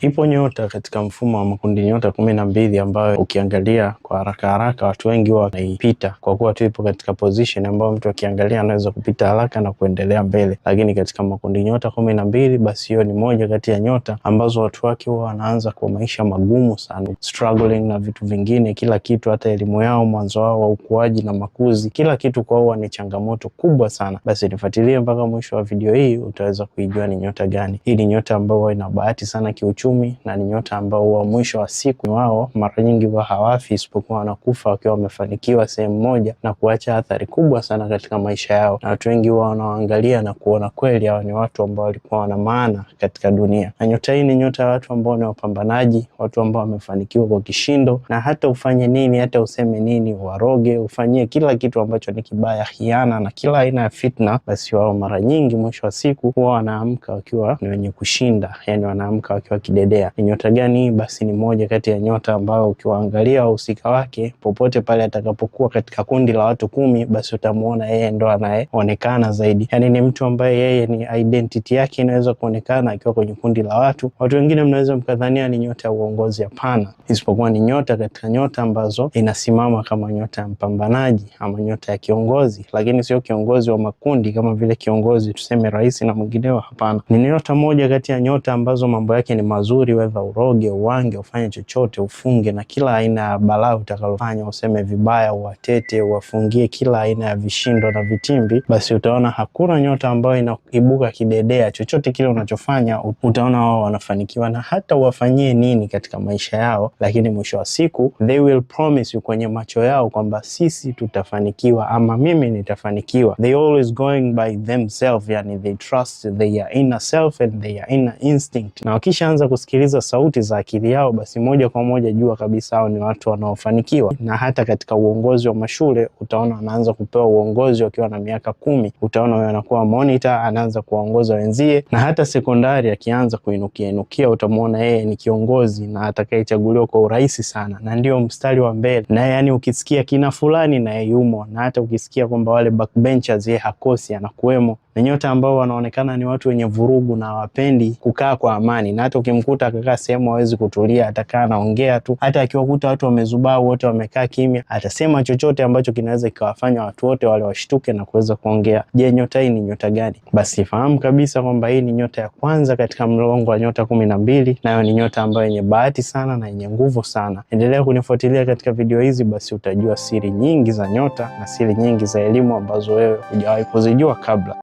Ipo nyota katika mfumo wa makundi nyota kumi na mbili ambayo ukiangalia kwa haraka haraka watu wengi huwa wanaipita kwa kuwa tu ipo katika position ambayo mtu akiangalia anaweza kupita haraka na kuendelea mbele, lakini katika makundi nyota kumi na mbili basi hiyo ni moja kati ya nyota ambazo watu wake huwa wanaanza kwa maisha magumu sana, struggling na vitu vingine, kila kitu, hata elimu yao, mwanzo wao wa ukuaji na makuzi, kila kitu kwa huwa ni changamoto kubwa sana. Basi nifuatilie mpaka mwisho wa video hii, utaweza kuijua ni nyota gani. Hii ni nyota ambayo ina bahati sana kiuchumi kiuchumi na ni nyota ambao huwa mwisho wa siku wao mara nyingi huwa hawafi, isipokuwa wanakufa wakiwa wamefanikiwa sehemu moja na kuacha athari kubwa sana katika maisha yao, na watu wengi huwa wanaangalia na kuona kweli hawa ni watu ambao walikuwa wana maana katika dunia. Na nyota hii ni nyota ya watu ambao ni wapambanaji, watu ambao wamefanikiwa kwa kishindo, na hata ufanye nini, hata useme nini, waroge, ufanyie kila kitu ambacho ni kibaya, hiana na kila aina ya fitna, basi wao mara nyingi mwisho wa siku huwa wanaamka wakiwa ni wenye kushinda, yani wanaamka wakiwa kudedea. Ni nyota gani? Basi ni moja kati ya nyota ambayo ukiwaangalia wahusika wake popote pale atakapokuwa katika kundi la watu kumi, basi utamwona yeye ndo anayeonekana zaidi. Yani ni mtu ambaye yeye ni identity yake inaweza kuonekana akiwa kwenye kundi la watu. Watu wengine mnaweza mkadhania ni nyota ya uongozi, hapana, isipokuwa ni nyota katika nyota ambazo inasimama kama nyota ya mpambanaji ama nyota ya kiongozi, lakini sio kiongozi wa makundi kama vile kiongozi tuseme rais na mwingineo, hapana. Ni nyota moja kati ya nyota ambazo mambo yake ni mazuri mazuri, wedha uroge, uwange, ufanye chochote, ufunge na kila aina ya balaa utakalofanya, useme vibaya, uwatete, uwafungie kila aina ya vishindo na vitimbi, basi utaona hakuna nyota ambayo inaibuka kidedea. Chochote kile unachofanya utaona wao wanafanikiwa, na hata uwafanyie nini katika maisha yao, lakini mwisho wa siku they will promise you kwenye macho yao kwamba sisi tutafanikiwa ama mimi nitafanikiwa. They always going by themselves, yani they trust their inner self and their inner instinct, na wakishaanza kusikiliza sauti za akili yao, basi moja kwa moja jua kabisa hao ni watu wanaofanikiwa. Na hata katika uongozi wa mashule utaona wanaanza kupewa uongozi wakiwa na miaka kumi. Utaona huyo anakuwa monitor, anaanza kuwaongoza wenzie, na hata sekondari akianza kuinukia inukia, utamwona yeye ni kiongozi na atakayechaguliwa kwa urahisi sana, na ndio mstari wa mbele na Yani ukisikia kina fulani naye yumo, na hata ukisikia kwamba wale backbenchers yeye hakosi, anakuwemo, na nyota ambao wanaonekana ni watu wenye vurugu na hawapendi kukaa kwa amani, na hata ukimkuta utamkuta akakaa sehemu hawezi kutulia, atakaa anaongea tu. Hata akiwakuta watu wamezubaa wote wamekaa kimya, atasema chochote ambacho kinaweza kikawafanya watu wote wale washtuke na kuweza kuongea. Je, nyota hii ni nyota gani? Basi fahamu kabisa kwamba hii ni nyota ya kwanza katika mlolongo wa nyota kumi na mbili, nayo ni nyota ambayo yenye bahati sana na yenye nguvu sana. Endelea kunifuatilia katika video hizi, basi utajua siri nyingi za nyota na siri nyingi za elimu ambazo wewe hujawahi kuzijua kabla.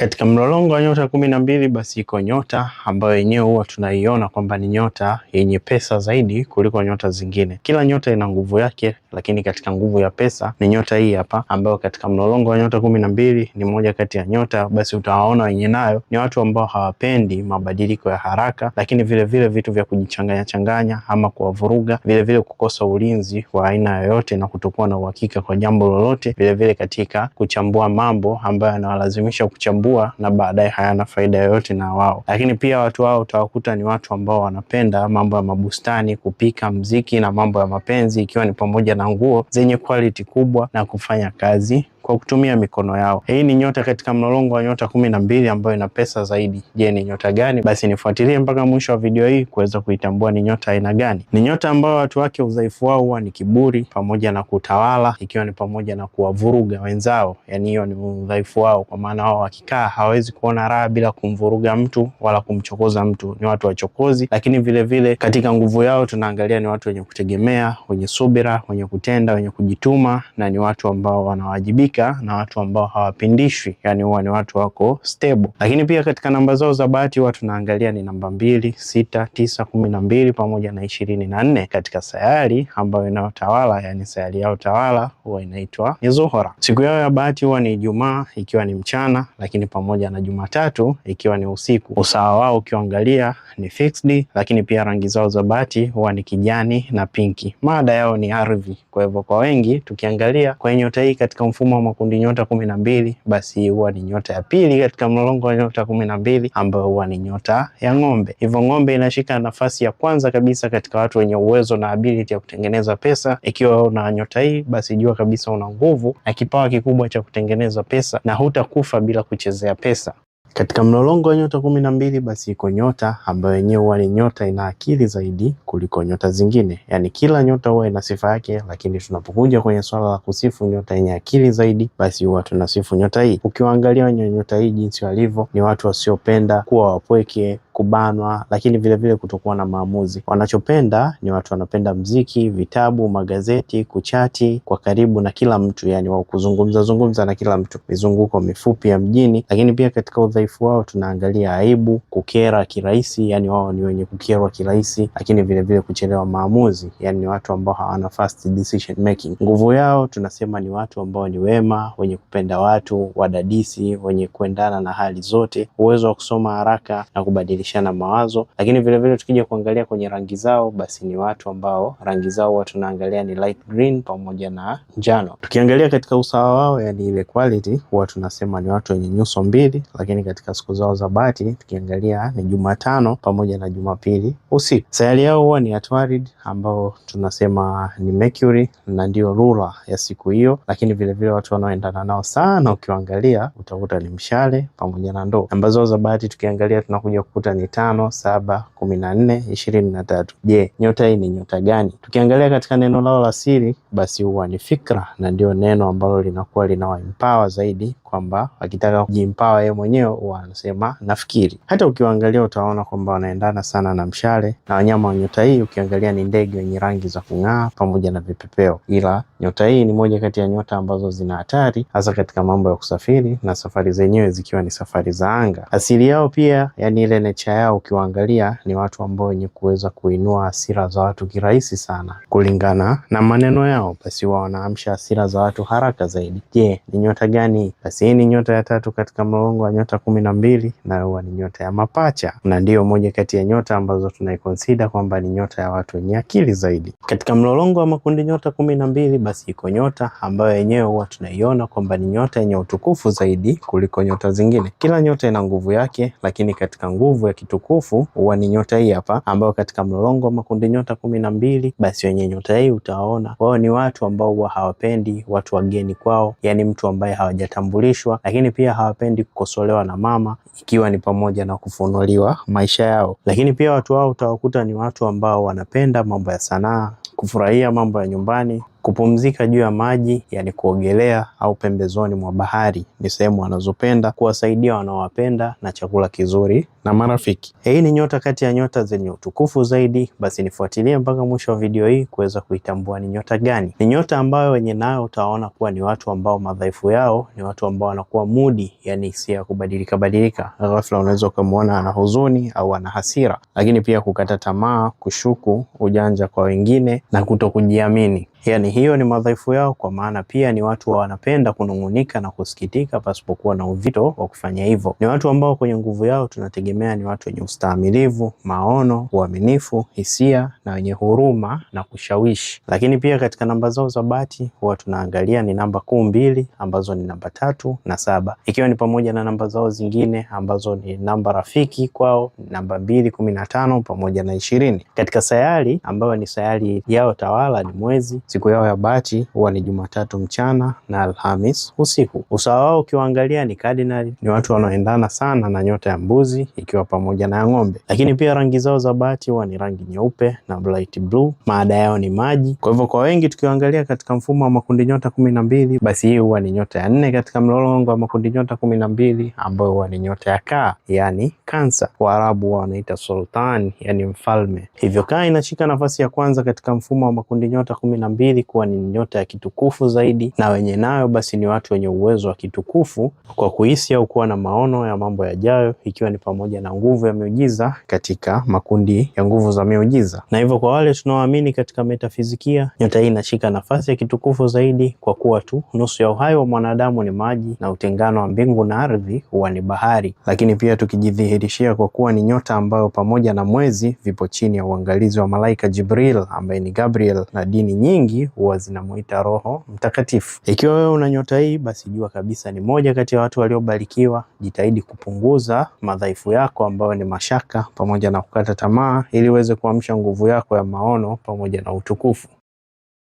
Katika mlolongo wa nyota kumi na mbili basi iko nyota ambayo yenyewe huwa tunaiona kwamba ni nyota yenye pesa zaidi kuliko nyota zingine. Kila nyota ina nguvu yake, lakini katika nguvu ya pesa ni nyota hii hapa, ambayo katika mlolongo wa nyota kumi na mbili ni moja kati ya nyota. Basi utawaona wenye nayo ni watu ambao hawapendi mabadiliko ya haraka, lakini vile vile vitu vya kujichanganya changanya ama kuwavuruga, vile vile kukosa ulinzi wa aina yoyote na kutokuwa na uhakika kwa jambo lolote, vile vile katika kuchambua mambo ambayo yanawalazimisha kuchambua kukusumbua na baadaye hayana faida yoyote na wao. Lakini pia watu hao utawakuta ni watu ambao wanapenda mambo ya mabustani, kupika, mziki na mambo ya mapenzi, ikiwa ni pamoja na nguo zenye quality kubwa na kufanya kazi kwa kutumia mikono yao. Hii ni nyota katika mlolongo wa nyota kumi na mbili ambayo ina pesa zaidi. Je, ni nyota gani? Basi nifuatilie mpaka mwisho wa video hii kuweza kuitambua ni nyota aina gani. Ni nyota ambayo watu wake udhaifu wao huwa ni kiburi pamoja na kutawala, ikiwa ni pamoja na kuwavuruga wenzao. Yani hiyo ni udhaifu wao, kwa maana wao wakikaa hawawezi kuona raha bila kumvuruga mtu wala kumchokoza mtu. Ni watu wachokozi, lakini vilevile vile, katika nguvu yao tunaangalia ni watu wenye kutegemea, wenye subira, wenye kutenda, wenye kujituma na ni watu ambao wanawajibika wanatumika na watu ambao hawapindishwi, yani huwa ni watu wako stable. Lakini pia katika namba zao za bahati huwa tunaangalia ni namba mbili, sita, tisa, kumi na mbili pamoja na ishirini na nne katika sayari ambayo inayotawala, yani sayari yao tawala huwa inaitwa ni Zuhura. Siku yao ya bahati huwa ni Ijumaa ikiwa ni mchana, lakini pamoja na Jumatatu ikiwa ni usiku. Usawa wao ukiangalia ni fixed, lakini pia rangi zao za bahati huwa ni kijani na pinki. Mada yao ni ardhi, kwa hivyo kwa wengi tukiangalia kwenye nyota hii katika mfumo kama makundi nyota kumi na mbili basi huwa ni nyota ya pili katika mlolongo wa nyota kumi na mbili ambayo huwa ni nyota ya ng'ombe. Hivyo ng'ombe inashika nafasi ya kwanza kabisa katika watu wenye uwezo na ability ya kutengeneza pesa. Ikiwa una nyota hii, basi jua kabisa una nguvu na kipawa kikubwa cha kutengeneza pesa na hutakufa bila kuchezea pesa. Katika mlolongo wa nyota kumi na mbili basi iko nyota ambayo yenyewe huwa ni nyota ina akili zaidi kuliko nyota zingine. Yaani kila nyota huwa ina sifa yake, lakini tunapokuja kwenye swala la kusifu nyota yenye akili zaidi, basi huwa tunasifu nyota hii. Ukiwaangalia wenye nyota hii jinsi walivyo, ni watu wasiopenda kuwa wapweke, kubanwa, lakini vilevile kutokuwa na maamuzi. Wanachopenda ni watu wanapenda mziki, vitabu, magazeti, kuchati kwa karibu na kila mtu, yani wao kuzungumza zungumza na kila mtu, mizunguko mifupi ya mjini. Lakini pia katika udhaifu wao tunaangalia aibu, kukera kirahisi, yani wao ni wenye kukerwa kirahisi, lakini vilevile kuchelewa maamuzi, yani ni watu ambao hawana fast decision making. Nguvu yao tunasema ni watu ambao ni wema, wenye kupenda watu, wadadisi, wenye kuendana na hali zote, uwezo wa kusoma haraka na kubadili kubadilishana mawazo, lakini vilevile tukija kuangalia kwenye rangi zao, basi ni watu ambao rangi zao huwa tunaangalia ni light green pamoja na njano. Tukiangalia katika usawa wao, yani ile quality, huwa tunasema ni watu wenye nyuso mbili, lakini katika siku zao za bahati tukiangalia ni Jumatano pamoja na Jumapili usiku. Sayari yao huwa ni Atwarid ambao tunasema ni Mercury na ndio rula ya siku hiyo, lakini vilevile watu wanaoendana nao sana ukiangalia utakuta ni mshale pamoja na ndoo. Namba zao za bahati tukiangalia tunakuja kukuta nyota ni tano, saba, kumi na nne, ishirini na tatu. Je, nyota hii ni nyota gani? Tukiangalia katika neno lao la siri, basi huwa ni fikra, na ndio neno ambalo linakuwa linawaempower zaidi kwamba wakitaka kujimpawa yeye mwenyewe huwa anasema nafikiri. Hata ukiwaangalia utaona kwamba wanaendana sana na mshale na wanyama wa nyota hii. Ukiangalia ni ndege wenye rangi za kung'aa pamoja na vipepeo, ila nyota hii ni moja kati ya nyota ambazo zina hatari, hasa katika mambo ya kusafiri na safari zenyewe zikiwa ni safari za anga. Asili yao pia, yani ile necha yao, ukiwaangalia ni watu ambao wenye kuweza kuinua hasira za watu kirahisi sana, kulingana na maneno yao, basi wao wanaamsha hasira za watu haraka zaidi. Je, ni nyota gani basi hii ni nyota ya tatu katika mlolongo wa nyota kumi na mbili na huwa ni nyota ya mapacha, na ndiyo moja kati ya nyota ambazo tunaikonsida kwamba ni nyota ya watu wenye akili zaidi katika mlolongo wa makundi nyota kumi na mbili. Basi iko nyota ambayo yenyewe huwa tunaiona kwamba ni nyota yenye utukufu zaidi kuliko nyota zingine. Kila nyota ina nguvu yake, lakini katika nguvu ya kitukufu huwa ni nyota hii hapa, ambayo katika mlolongo wa makundi nyota kumi na mbili, basi wenye nyota hii utawaona wao ni watu ambao huwa hawapendi watu wageni kwao, yani mtu ambaye hawajatambulika kudhalilishwa, lakini pia hawapendi kukosolewa na mama, ikiwa ni pamoja na kufunuliwa maisha yao. Lakini pia watu hao utawakuta ni watu ambao wanapenda mambo ya sanaa, kufurahia mambo ya nyumbani. Kupumzika juu ya maji, yani kuogelea au pembezoni mwa bahari, ni sehemu wanazopenda kuwasaidia wanaowapenda na chakula kizuri na marafiki. Hii ni nyota kati ya nyota zenye utukufu zaidi, basi nifuatilie mpaka mwisho wa video hii kuweza kuitambua ni nyota gani. Ni nyota ambayo wenye nayo utaona kuwa ni watu ambao madhaifu yao ni watu ambao wanakuwa mudi, yani hisia ya kubadilika badilika. Ghafla unaweza ukamwona ana huzuni au ana hasira, lakini pia kukata tamaa, kushuku, ujanja kwa wengine na kutokujiamini. Yaani hiyo ni madhaifu yao, kwa maana pia ni watu wanapenda kunung'unika na kusikitika pasipokuwa na uvito wa kufanya hivyo. Ni watu ambao kwenye nguvu yao tunategemea ni watu wenye ustahimilivu, maono, uaminifu, hisia na wenye huruma na kushawishi. Lakini pia katika namba zao za bahati huwa tunaangalia ni namba kuu mbili ambazo ni namba tatu na saba, ikiwa ni pamoja na namba zao zingine ambazo ni namba rafiki kwao, namba mbili, kumi na tano pamoja na ishirini. Katika sayari ambayo ni sayari yao tawala ni mwezi Siku yao ya bati huwa ni Jumatatu mchana na Alhamis usiku. Usawa wao ukiwaangalia ni cardinal, ni watu wanaoendana sana na nyota ya mbuzi ikiwa pamoja na ya ng'ombe, lakini pia rangi zao za bati huwa ni rangi nyeupe na bright blue. Maada yao ni maji, kwa hivyo kwa wengi tukiwaangalia katika mfumo wa makundi nyota kumi na mbili, basi hii huwa ni nyota ya nne katika mlolongo wa makundi nyota kumi na mbili ambayo huwa ni nyota ya kaa, yani kansa. Waarabu wanaita sultan, yani mfalme. Hivyo kaa inashika nafasi ya kwanza katika mfumo wa makundi nyota kumi na mbili mbili kuwa ni nyota ya kitukufu zaidi, na wenye nayo basi ni watu wenye uwezo wa kitukufu kwa kuhisi au kuwa na maono ya mambo yajayo, ikiwa ni pamoja na nguvu ya miujiza katika makundi ya nguvu za miujiza. Na hivyo kwa wale tunaoamini katika metafizikia, nyota hii inashika nafasi ya kitukufu zaidi kwa kuwa tu nusu ya uhai wa mwanadamu ni maji na utengano wa mbingu na ardhi huwa ni bahari. Lakini pia tukijidhihirishia kwa kuwa ni nyota ambayo pamoja na mwezi vipo chini ya uangalizi wa malaika Jibril ambaye ni Gabriel na dini nyingi nyingi huwa zinamuita Roho Mtakatifu. Ikiwa wewe una nyota hii, basi jua kabisa ni moja kati ya watu waliobarikiwa. Jitahidi kupunguza madhaifu yako ambayo ni mashaka pamoja na kukata tamaa, ili uweze kuamsha nguvu yako ya maono pamoja na utukufu.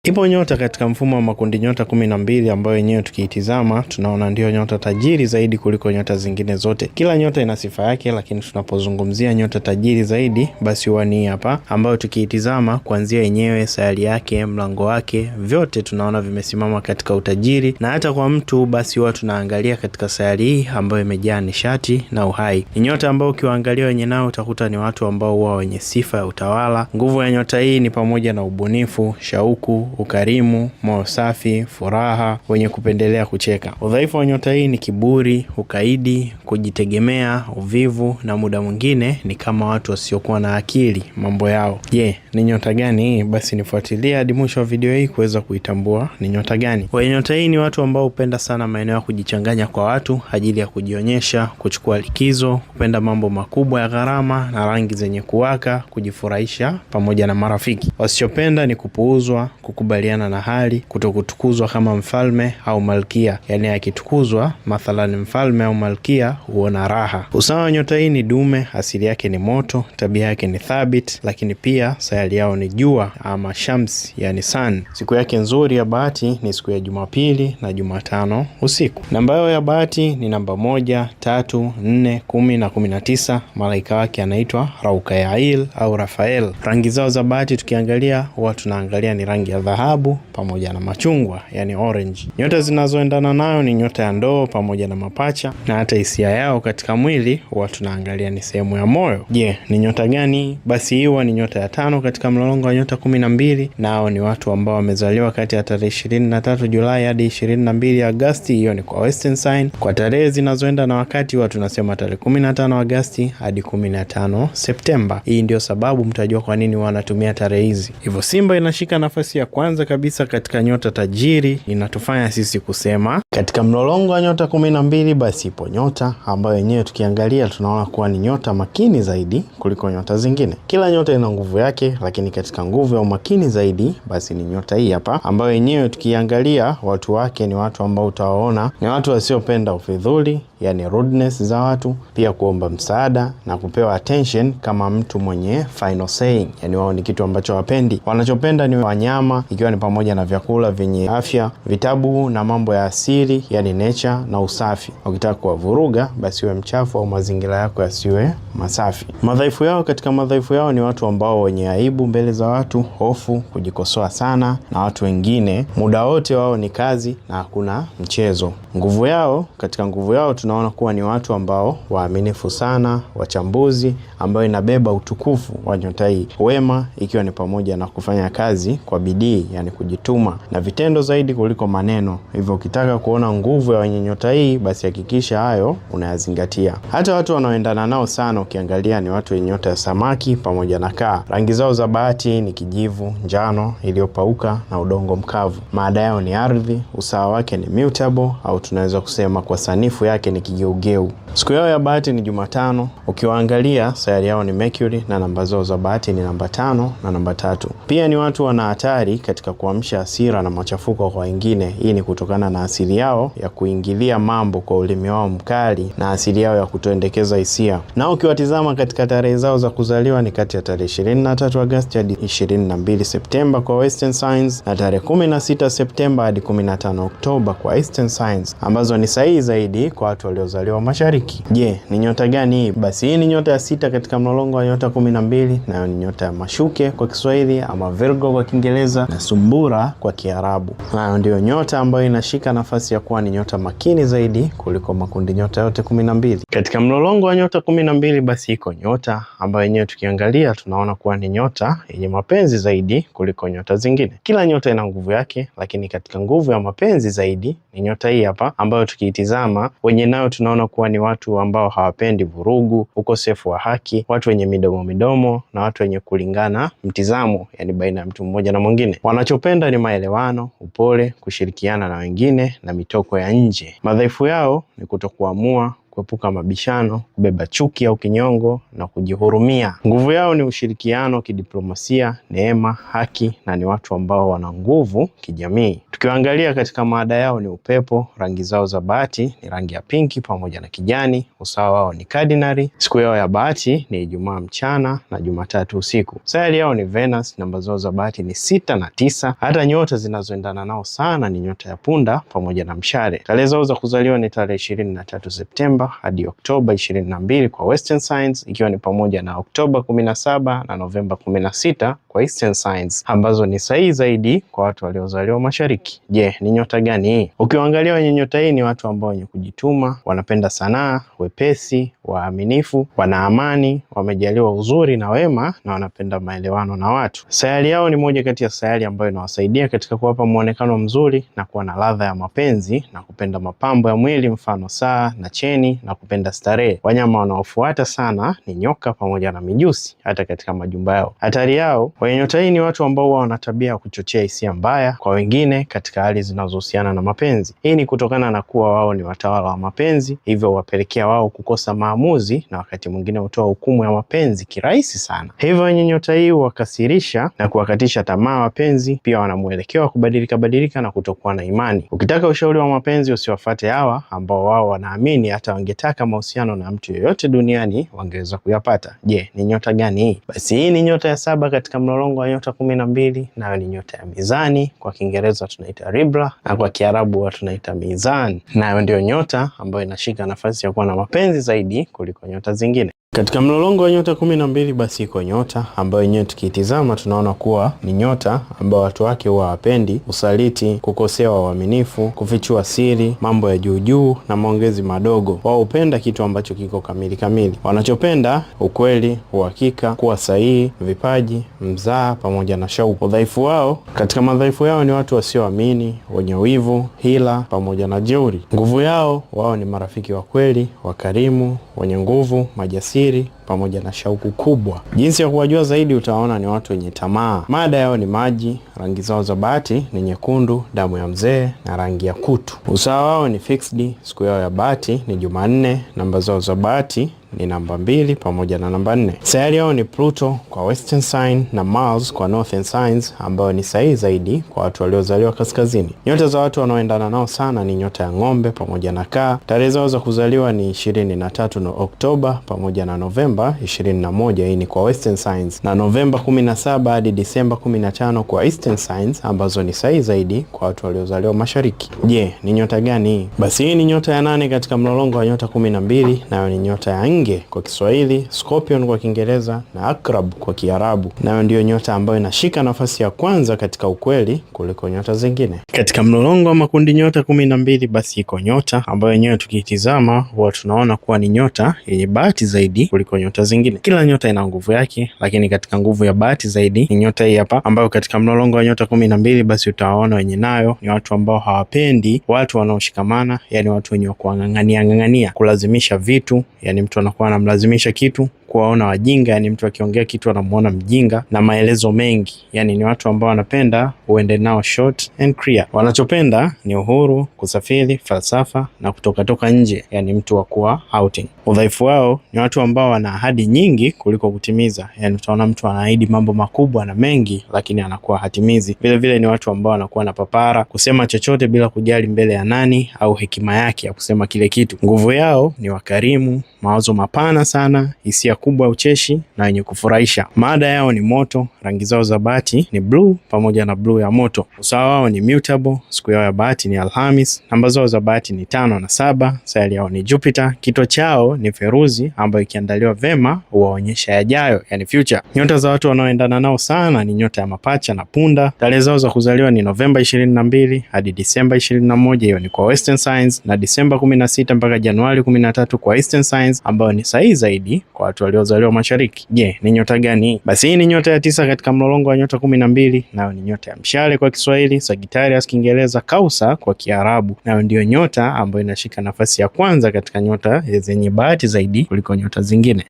Ipo nyota katika mfumo wa makundi nyota kumi na mbili ambayo yenyewe tukiitizama tunaona ndiyo nyota tajiri zaidi kuliko nyota zingine zote. Kila nyota ina sifa yake, lakini tunapozungumzia nyota tajiri zaidi, basi huwa ni hapa, ambayo tukiitizama kuanzia yenyewe sayari yake, mlango wake, vyote tunaona vimesimama katika utajiri, na hata kwa mtu basi huwa tunaangalia katika sayari hii ambayo imejaa nishati na uhai. Ni nyota ambayo ukiwaangalia wenye nao utakuta ni watu ambao huwa wenye sifa ya utawala. Nguvu ya nyota hii ni pamoja na ubunifu, shauku ukarimu, moyo safi, furaha, wenye kupendelea kucheka. Udhaifu wa nyota hii ni kiburi, ukaidi, kujitegemea, uvivu na muda mwingine ni kama watu wasiokuwa na akili mambo yao. Je, ni nyota gani hii? Basi nifuatilia hadi mwisho wa video hii kuweza kuitambua ni nyota gani. Wenye nyota hii ni watu ambao hupenda sana maeneo ya kujichanganya kwa watu ajili ya kujionyesha, kuchukua likizo, kupenda mambo makubwa ya gharama na rangi zenye kuwaka, kujifurahisha pamoja na marafiki. Wasichopenda ni kupuuzwa, kuku kukubaliana na hali, kutokutukuzwa kama mfalme au malkia. yani akitukuzwa mathalani mfalme au malkia huona raha. Usawa wa nyota hii ni dume, asili yake ni moto, tabia yake ni thabit, lakini pia sayari yao ni jua ama shams yani sun. Siku yake nzuri ya bahati ni siku ya Jumapili na Jumatano usiku. Namba yao ya bahati ni namba moja, tatu, nne, kumi na kumi na tisa. Malaika wake anaitwa Raukayail au Rafael. Rangi zao za bahati tukiangalia huwa tunaangalia ni rangi ya dhahabu pamoja na machungwa, yani orange. Nyota zinazoendana nayo ni nyota ya ndoo pamoja na mapacha, na hata hisia yao katika mwili huwa tunaangalia ni sehemu ya moyo. Je, ni nyota gani? Basi hiwa ni nyota ya tano katika mlolongo wa nyota kumi na mbili. Nao ni watu ambao wamezaliwa kati ya tarehe ishirini na tatu Julai hadi ishirini na mbili Agasti. Hiyo ni kwa Western Sign. Kwa tarehe zinazoenda na wakati huwa tunasema tarehe kumi na tano Agasti hadi kumi na tano Septemba. Hii ndio sababu mtajua kwa nini wanatumia tarehe hizi. Hivyo Simba inashika nafasi ya kwa kwanza kabisa katika nyota tajiri inatufanya sisi kusema katika mlolongo wa nyota kumi na mbili basi ipo nyota ambayo yenyewe tukiangalia tunaona kuwa ni nyota makini zaidi kuliko nyota zingine. Kila nyota ina nguvu yake, lakini katika nguvu ya umakini zaidi basi ni nyota hii hapa, ambayo yenyewe tukiangalia watu wake ni watu ambao utawaona ni watu wasiopenda ufidhuli yani rudeness za watu, pia kuomba msaada na kupewa attention kama mtu mwenye final saying. Yani wao ni kitu ambacho wapendi, wanachopenda ni wanyama, ikiwa ni pamoja na vyakula vyenye afya, vitabu na mambo ya asili, yani nature na usafi. Ukitaka kuwavuruga, basi uwe mchafu au mazingira yako yasiwe masafi. Madhaifu yao, katika madhaifu yao ni watu ambao wenye aibu mbele za watu, hofu, kujikosoa sana na watu wengine, muda wote wao ni kazi na hakuna mchezo. Nguvu yao, katika nguvu yao tuna tunaona kuwa ni watu ambao waaminifu sana, wachambuzi, ambayo inabeba utukufu wa nyota hii, wema ikiwa ni pamoja na kufanya kazi kwa bidii, yani kujituma na vitendo zaidi kuliko maneno. Hivyo ukitaka kuona nguvu ya wenye nyota hii, basi hakikisha hayo unayazingatia. Hata watu wanaoendana nao sana ukiangalia ni watu wenye nyota ya samaki pamoja na kaa. Rangi zao za bahati ni kijivu, njano iliyopauka na udongo mkavu. Maada yao ni ardhi, usawa wake ni mutable, au tunaweza kusema kwa sanifu yake ni ni kigeugeu. Siku yao ya bahati ni Jumatano. Ukiwaangalia sayari yao ni Mercury na namba zao za bahati ni namba tano na namba tatu. Pia ni watu wana hatari katika kuamsha hasira na machafuko kwa wengine. Hii ni kutokana na asili yao ya kuingilia mambo kwa ulimi wao mkali na asili yao ya kutoendekeza hisia. Nao ukiwatizama katika tarehe zao za kuzaliwa ni kati ya tarehe 23 Agosti hadi 22 Septemba kwa Western Signs na tarehe 16 Septemba hadi 15 Oktoba kwa Eastern Signs ambazo ni sahihi zaidi kwa watu waliozaliwa mashariki. Je, ni nyota gani hii? Basi hii ni nyota ya sita katika mlolongo wa nyota kumi na mbili, nayo ni nyota ya mashuke kwa Kiswahili ama Virgo kwa Kiingereza na sumbura kwa Kiarabu. Nayo ndiyo nyota ambayo inashika nafasi ya kuwa ni nyota makini zaidi kuliko makundi nyota yote kumi na mbili katika mlolongo wa nyota kumi na mbili. Basi iko nyota ambayo yenyewe tukiangalia tunaona kuwa ni nyota yenye mapenzi zaidi kuliko nyota zingine. Kila nyota ina nguvu yake, lakini katika nguvu ya mapenzi zaidi ni nyota hii hapa ambayo tukiitizama wenye nayo tunaona kuwa ni watu ambao hawapendi vurugu, ukosefu wa haki, watu wenye midomo midomo na watu wenye kulingana mtizamo, yani baina ya mtu mmoja na mwingine. Wanachopenda ni maelewano, upole, kushirikiana na wengine na mitoko ya nje. Madhaifu yao ni kutokuamua kuepuka mabishano, kubeba chuki au kinyongo na kujihurumia. Nguvu yao ni ushirikiano, kidiplomasia, neema, haki na ni watu ambao wana nguvu kijamii. Tukiwaangalia katika maada yao ni upepo, rangi zao za bahati ni rangi ya pinki pamoja na kijani, usawa wao ni cardinal, siku yao ya bahati ni Ijumaa mchana na Jumatatu usiku. Sayari yao ni Venus, namba zao za bahati ni sita na tisa. Hata nyota zinazoendana nao sana ni nyota ya punda pamoja na mshale. Tarehe zao za kuzaliwa ni tarehe ishirini na tatu Septemba Novemba hadi Oktoba 22 kwa Western Science, ikiwa ni pamoja na Oktoba 17 na Novemba 16 kwa Eastern Science, ambazo ni sahihi zaidi kwa watu waliozaliwa mashariki. Je, ni nyota gani hii? Ukiwaangalia wenye nyota hii ni watu ambao wenye kujituma, wanapenda sanaa, wepesi, waaminifu, wana amani, wamejaliwa uzuri na wema na wanapenda maelewano na watu. Sayari yao ni moja kati ya sayari ambayo inawasaidia katika kuwapa mwonekano mzuri na kuwa na ladha ya mapenzi na kupenda mapambo ya mwili, mfano saa na cheni na kupenda starehe. Wanyama wanaofuata sana ni nyoka pamoja na mijusi, hata katika majumba yao. Hatari yao, nyota hii ni watu ambao huwa wana tabia ya kuchochea hisia mbaya kwa wengine katika hali zinazohusiana na mapenzi. Hii ni kutokana na kuwa wao ni watawala wa mapenzi, hivyo wapelekea wao kukosa maamuzi na wakati mwingine hutoa hukumu ya mapenzi kirahisi sana. Hivyo wenye nyota hii huwakasirisha na kuwakatisha tamaa wapenzi. Pia wana mwelekeo wa kubadilika badilika na kutokuwa na imani. Ukitaka ushauri wa mapenzi, usiwafate hawa ambao wao wanaamini hata wangetaka mahusiano na mtu yoyote duniani wangeweza kuyapata. Je, ni nyota gani hii? Basi hii ni nyota ya saba katika mlolongo wa nyota kumi na mbili, nayo ni nyota ya mizani. Kwa Kiingereza tunaita Libra na kwa Kiarabu tunaita mizani, nayo ndiyo nyota ambayo inashika nafasi ya kuwa na mapenzi zaidi kuliko nyota zingine. Katika mlolongo wa nyota kumi na mbili basi iko nyota ambayo yenyewe tukiitizama tunaona kuwa ni nyota ambayo watu wake huwa hawapendi usaliti, kukosea uaminifu, kufichua siri, mambo ya juujuu na maongezi madogo. Wao hupenda kitu ambacho kiko kamili kamili. Wanachopenda ukweli, uhakika, kuwa sahihi, vipaji, mzaa pamoja na shauku. Udhaifu wao, katika madhaifu yao ni watu wasioamini, wenye wivu, hila pamoja na jeuri. Nguvu yao, wao ni marafiki wa kweli, wakarimu, wenye nguvu, majasiri siri. pamoja na shauku kubwa. Jinsi ya kuwajua zaidi, utaona ni watu wenye tamaa. Mada yao ni maji, rangi zao za bahati ni nyekundu, damu ya mzee na rangi ya kutu. Usawa wao ni fixed, siku yao ya bahati ni Jumanne, namba zao za bahati ni namba mbili pamoja na namba nne. Sayari yao ni Pluto kwa Western sign na Mars kwa Northern signs, ambayo ni sahihi zaidi kwa watu waliozaliwa kaskazini. Nyota za watu wanaoendana nao sana ni nyota ya ng'ombe pamoja na kaa. Tarehe zao za kuzaliwa ni ishirini na tatu no Oktoba pamoja na Novemba Novemba 21, hii ni kwa Western Science, na Novemba 17 hadi Disemba 15 kwa Eastern Science, ambazo ni sahihi zaidi kwa watu waliozaliwa mashariki. Je, ni nyota gani? Basi hii ni nyota ya nane katika mlolongo wa nyota 12, nayo ni nyota ya Nge kwa Kiswahili, Scorpion kwa Kiingereza na Akrab kwa Kiarabu, nayo ndiyo nyota ambayo inashika nafasi ya kwanza katika ukweli kuliko nyota zingine katika mlolongo wa makundi nyota kumi na mbili. Basi iko nyota ambayo yenyewe tukiitizama huwa tunaona kuwa ni nyota yenye bahati zaidi kuliko nyota zingine. Kila nyota ina nguvu yake, lakini katika nguvu ya bahati zaidi ni nyota hii hapa, ambayo katika mlolongo wa nyota kumi na mbili basi utawaona wenye nayo ni watu ambao hawapendi watu wanaoshikamana, yani watu wenye wa kuwang'ang'ania ng'ang'ania, kulazimisha vitu, yani mtu anakuwa anamlazimisha kitu kuwaona wajinga, yani mtu akiongea kitu anamuona mjinga na maelezo mengi, yani ni watu ambao wanapenda uende nao short and clear. Wanachopenda ni uhuru, kusafiri, falsafa na kutokatoka nje, yani mtu wa kuwa outing. Udhaifu wao ni watu ambao wana ahadi nyingi kuliko kutimiza, yani utaona mtu anaahidi mambo makubwa na mengi, lakini anakuwa hatimizi. Vilevile ni watu ambao wanakuwa na papara, kusema chochote bila kujali mbele ya nani au hekima yake ya kusema kile kitu. Nguvu yao ni wakarimu mawazo mapana sana, hisia kubwa ya ucheshi na yenye kufurahisha. Mada yao ni moto, rangi zao za bahati ni bluu pamoja na bluu ya moto, usawa wao ni mutable, siku yao ya bahati ni Alhamis, namba zao za bahati ni tano na saba, sayari yao ni Jupiter, kito chao ni feruzi ambayo ikiandaliwa vema huwaonyesha yajayo, yani future. Nyota za watu wanaoendana nao sana ni nyota ya mapacha na punda. Tarehe zao za kuzaliwa ni Novemba ishirini na mbili hadi Disemba ishirini na moja hiyo ni kwa Western Signs, na Disemba kumi na sita mpaka Januari kumi na tatu kwa Eastern Signs. Gemini ambayo ni sahihi zaidi kwa watu waliozaliwa mashariki. Je, ni nyota gani? Basi hii ni nyota ya tisa katika mlolongo wa nyota kumi na mbili, nayo ni nyota ya mshale kwa Kiswahili, Sagittarius Kiingereza, Kausa kwa Kiarabu, nayo ndiyo nyota ambayo inashika nafasi ya kwanza katika nyota zenye bahati zaidi kuliko nyota zingine.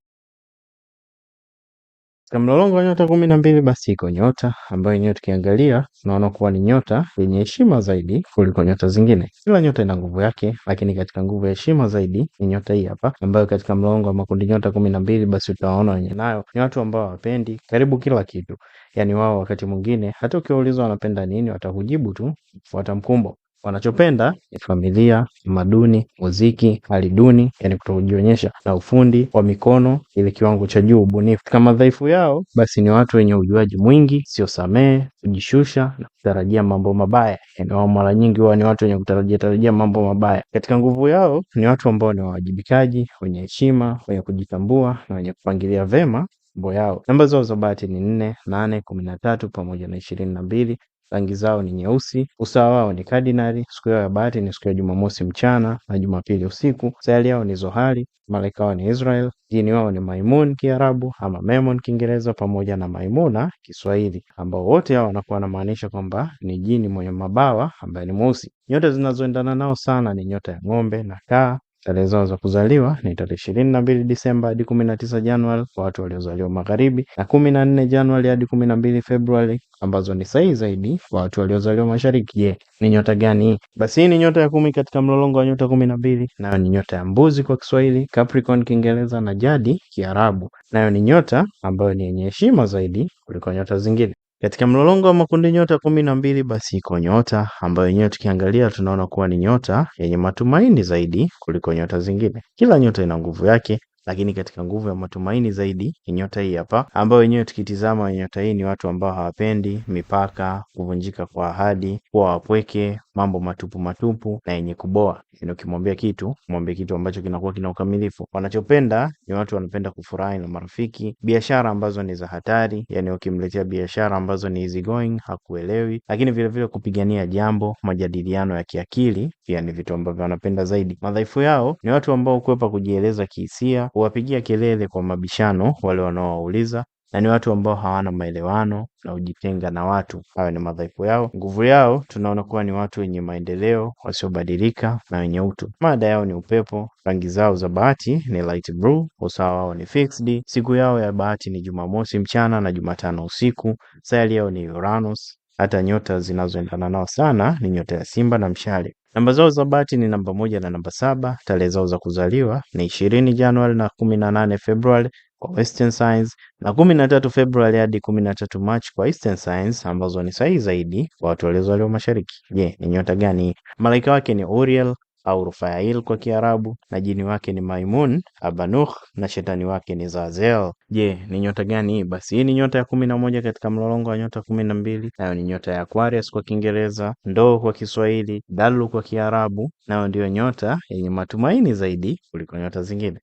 Katika mlolongo wa nyota kumi na mbili basi iko nyota ambayo yenyewe tukiangalia tunaona kuwa ni nyota yenye heshima zaidi kuliko nyota zingine. Kila nyota ina nguvu yake, lakini katika nguvu ya heshima zaidi ni nyota hii hapa, ambayo katika mlolongo wa makundi nyota kumi na mbili basi utawaona wenye nayo ni watu ambao hawapendi karibu kila kitu. Yaani wao wakati mwingine hata ukiwaulizwa wanapenda nini, watakujibu tu fuata mkumbo wanachopenda ni familia, tamaduni, muziki, hali duni, yani kutojionyesha, na ufundi wa mikono ili kiwango cha juu, ubunifu. Kama madhaifu yao, basi ni watu wenye ujuaji mwingi, sio samee, kujishusha na kutarajia mambo mabaya. Yani wao mara nyingi huwa ni watu wenye kutarajia tarajia mambo mabaya. Katika nguvu yao, ni watu ambao ni wawajibikaji, wenye heshima, wenye kujitambua na wenye kupangilia vema mambo yao. Namba zao za bahati ni nne, nane, kumi na tatu pamoja na ishirini na mbili rangi zao ni nyeusi, usawa wao ni kadinari siku yao ya bahati ni siku ya Jumamosi mchana na Jumapili usiku, sayari yao ni zohari, malaika wao ni Israel, jini wao ni Maimun Kiarabu ama Memon Kiingereza, pamoja na Maimuna Kiswahili, ambao wote hao wanakuwa wanamaanisha kwamba ni jini mwenye mabawa ambaye ni mweusi. Nyota zinazoendana nao sana ni nyota ya ng'ombe na kaa Tarehe zao za kuzaliwa ni tarehe ishirini na mbili Disemba hadi kumi na tisa Januari kwa watu waliozaliwa magharibi na kumi na nne Januari hadi kumi na mbili Februari ambazo ni sahihi zaidi kwa watu waliozaliwa mashariki. Je, ni nyota gani? Basi hii ni nyota ya kumi katika mlolongo wa nyota kumi na mbili nayo ni nyota ya mbuzi kwa Kiswahili, Capricorn Kiingereza na jadi Kiarabu, nayo ni nyota ambayo ni yenye heshima zaidi kuliko nyota zingine. Katika mlolongo wa makundi nyota kumi na mbili basi iko nyota ambayo yenyewe tukiangalia tunaona kuwa ni nyota yenye matumaini zaidi kuliko nyota zingine. Kila nyota ina nguvu yake lakini katika nguvu ya matumaini zaidi ni nyota hii hapa, ambayo wenyewe tukitizama nyota hii ni watu ambao hawapendi mipaka, kuvunjika kwa ahadi, kuwa wapweke, mambo matupu matupu na yenye kuboa. Yani ukimwambia kitu, mwambie kitu ambacho kinakuwa kina ukamilifu. Wanachopenda ni watu wanapenda kufurahi na marafiki, biashara ambazo ni za hatari, yani ukimletea biashara ambazo ni easy going hakuelewi, lakini vilevile vile kupigania jambo, majadiliano ya kiakili pia ni vitu ambavyo wanapenda zaidi. Madhaifu yao ni watu ambao kuwepa kujieleza kihisia kuwapigia kelele kwa mabishano wale wanaowauliza, na ni watu ambao hawana maelewano na hujitenga na watu. Hayo ni madhaifu yao. Nguvu yao tunaona kuwa ni watu wenye maendeleo, wasiobadilika na wenye utu. Mada yao ni upepo. Rangi zao za bahati ni light blue, usawa wao ni fixed. Siku yao ya bahati ni Jumamosi mchana na Jumatano usiku. Sayari yao ni Uranus. Hata nyota zinazoendana nao sana ni nyota ya Simba na Mshale. Namba zao za bati ni namba moja na namba saba. Tarehe zao za kuzaliwa ni ishirini Januari na kumi na nane Februari kwa Western Science na kumi na tatu Februari hadi kumi na tatu Machi kwa Eastern Science, ambazo ni sahihi zaidi kwa watu waliozaliwa mashariki. Je, ni nyota gani? Malaika wake ni Uriel, au Rufail kwa Kiarabu, na jini wake ni Maimun Abanukh na shetani wake ni Zazel. Je, ni nyota gani hii? Basi hii ni nyota ya kumi na moja katika mlolongo wa nyota kumi na mbili. Nayo ni nyota ya Aquarius kwa Kiingereza, ndoo kwa Kiswahili, dalu kwa Kiarabu, nayo ndiyo nyota yenye matumaini zaidi kuliko nyota zingine.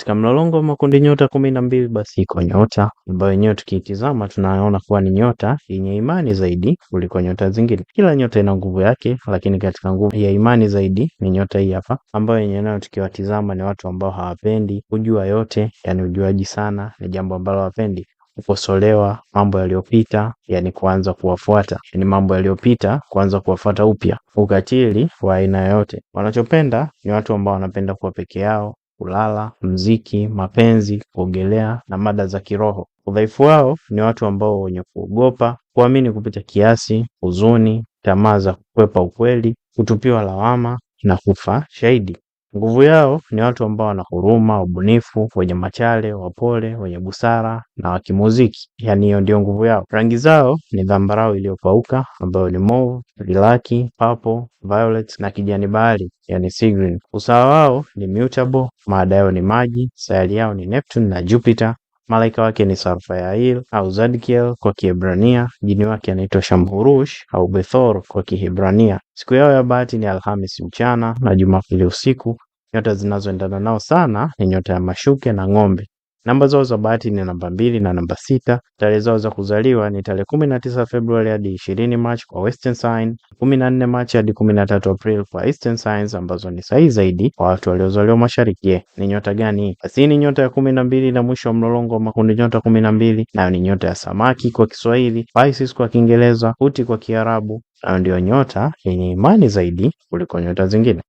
Katika mlolongo wa makundi nyota kumi na mbili basi iko nyota ambayo yenyewe tukiitizama tunaona kuwa ni nyota yenye imani zaidi kuliko nyota zingine. Kila nyota ina nguvu yake, lakini katika nguvu ya imani zaidi ni nyota hii hapa, ambayo yenyewe nayo tukiwatizama ni watu ambao hawapendi kujua yote, yani ujuaji sana ni jambo ambalo hawapendi kukosolewa mambo yaliyopita, yani kuanza kuwafuata, yani mambo yaliyopita kuanza kuwafuata upya, ukatili wa aina yoyote. Wanachopenda ni watu ambao wanapenda kuwa peke yao, kulala, mziki, mapenzi, kuogelea na mada za kiroho. Udhaifu wao ni watu ambao wenye kuogopa, kuamini kupita kiasi, huzuni, tamaa za kukwepa ukweli, kutupiwa lawama na kufa shahidi. Nguvu yao ni watu ambao wana huruma, ubunifu, wenye machale, wapole, wenye busara na wakimuziki. Yaani hiyo ndio nguvu yao. Rangi zao ni dhambarau iliyopauka ambayo ni mauve, lilaki, purple, violet na kijani bahari, yaani sea green. Usawa wao ni mutable, maada yao ni maji, sayari yao ni Neptune na Jupiter. Malaika wake ni Sarfayail au Zadkiel kwa Kiebrania. Jini wake anaitwa Shamhurush au Bethor kwa Kiebrania. Siku yao ya bahati ni Alhamis mchana na Jumapili usiku. Nyota zinazoendana nao sana ni nyota ya mashuke na ng'ombe. Namba zao za bahati ni namba mbili na namba sita. Tarehe zao za kuzaliwa ni tarehe kumi na tisa Februari hadi ishirini Machi kwa Western Sign, kumi na nne Machi hadi kumi na tatu April kwa Eastern Signs, ambazo ni sahihi zaidi kwa watu waliozaliwa mashariki. Je, ni nyota gani? Basi ni nyota ya kumi na mbili na mwisho wa mlolongo wa makundi nyota kumi na mbili, nayo ni nyota ya samaki kwa Kiswahili, Pisces kwa Kiingereza, Huti kwa Kiarabu, nayo ndiyo nyota yenye imani zaidi kuliko nyota zingine.